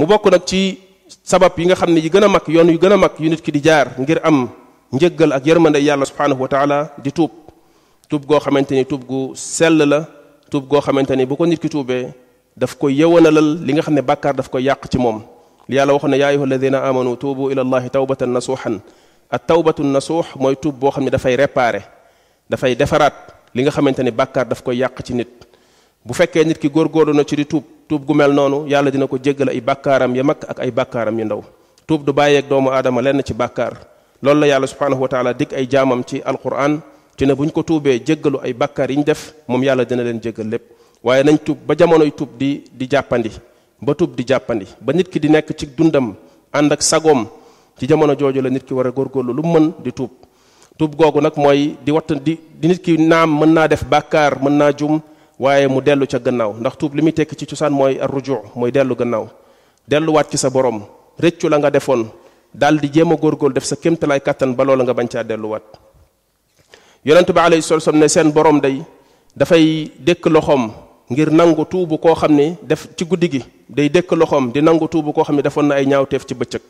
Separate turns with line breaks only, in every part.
mu bokk nag ci sabab yi nga xam ne yi gën a mag yoon yu gën a mag yu nit ki di jaar ngir am njëggal ak yërmande yàlla subhanahu wa taala di tuub tuub goo xamante ni tuub gu sell la tuub goo xamante ni bu ko nit ki tuubee daf koy yewanalal li nga xam ne bàkkaar daf koy yàq ci moom li yàlla waxoon ne yaa ayuha alladina amanu tuubu ila allahi tawbatan nasuuxan at tawbatu nasuux mooy tuub boo xam ne dafay réparé dafay defaraat li nga xamante ni bàkkaar daf koy yàq ci nit bu fekkee nit ki góorgóorlu na ci di tuub tuub gu mel noonu yàlla dina ko jéggal ay bàkkaaram ya mag ak ay bàkkaaram yu ndaw tuub du bàyyeeg doomu aadama lenn ci bàkkaar loolu la yàlla subhanahu wa taala dig ay jaamam ci alquran ci ne bu ñu ko tuubee jéggalu ay bàkkaar yi ñu def moom yàlla dina leen jéggal lépp waaye nañ tuub ba jamonoy tuub di di jàppandi ba tuub di jàppandi ba nit ki di nekk ci dundam ànd ak sagoom ci jamono jooju la nit ki war a góorgóorlu lu mën di tuub tuub googu nag mooy di watta naa def bàkkaar mën naa jum waaye mu dellu ca gannaaw ndax tuub li muy tekki ci cosaan mooy arruju mooy dellu gannaaw delluwaat ci sa borom rëccu la nga defoon daal di jéem a góorgóorlu def sa kéemtalaay kàttan ba loola nga bañ caa delluwaat. yonentu bi alayhi salaatu ne seen borom day dafay dëkk loxoom ngir nangu tuubu koo xam ne def ci guddi gi day dëkk loxoom di nangu tuubu koo xam ne defoon na ay ñaawteef ci bëccëg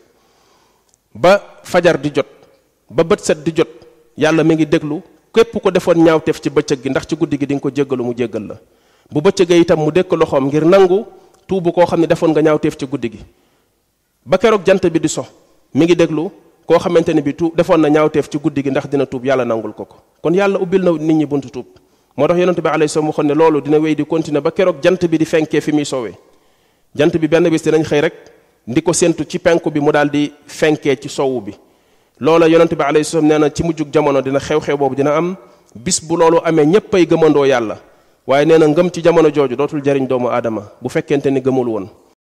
ba fajar di jot ba bët set di jot yàlla mi ngi déglu képp ko defoon ñaawteef ci bëccëg gi ndax ci guddi gi di nga ko jéggalu mu jéggal la bu bëccëgee itam mu dékk loxoom ngir nangu tuubu koo xam ne defoon nga ñaawteef ci guddi gi ba keroog jant bi di so mu ngi déglu koo xamante ni bi tuub defoon na ñaawteef ci guddi gi ndax dina tuub yàlla nangul ko ko kon yàlla ubbil na nit ñi buntu tuub moo tax yonente bi alayhi salaam waxoon ne loolu dina wéy di continuer ba keroog jant bi di fenkee fi muy soowee jant bi benn bis dinañ xëy rek di ko séentu ci penku bi mu daal di fenkee ci sowu bi loola yonente bi alayhi salaam neena ci mujjuk jamono dina xew-xew boobu dina am bis bu loolu amee ñeppay ay gëmandoo yàlla waaye neena ngëm ci jamono jooju dootul jariñ doomu aadama bu fekkente ni gëmul woon